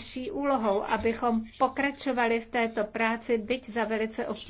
naší úlohou, abychom pokračovali v této práci, byť za velice obtížné.